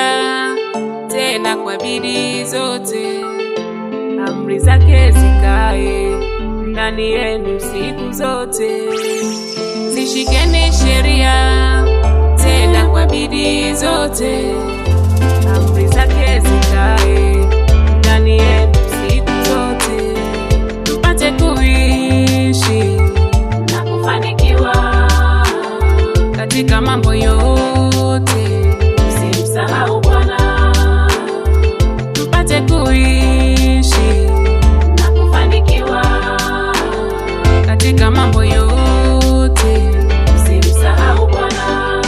dunia, tena kwa bidii zote, amri zake zikae ndani yenu siku zote. Zishikeni sheria, tena kwa bidii zote, amri zake zikae katika mambo yote, usimsahau Bwana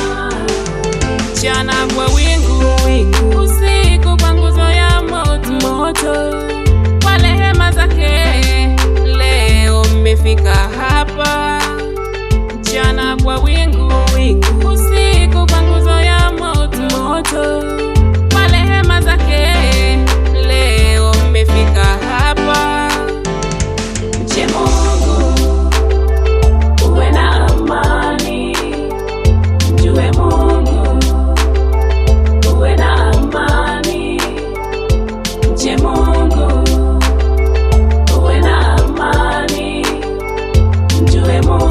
mchana kwa wingu, wingu, usiku kwa nguzo ya moto, moto. Kwa rehema zake leo mmefika hapa, mchana kwa wingu ¡Vamos!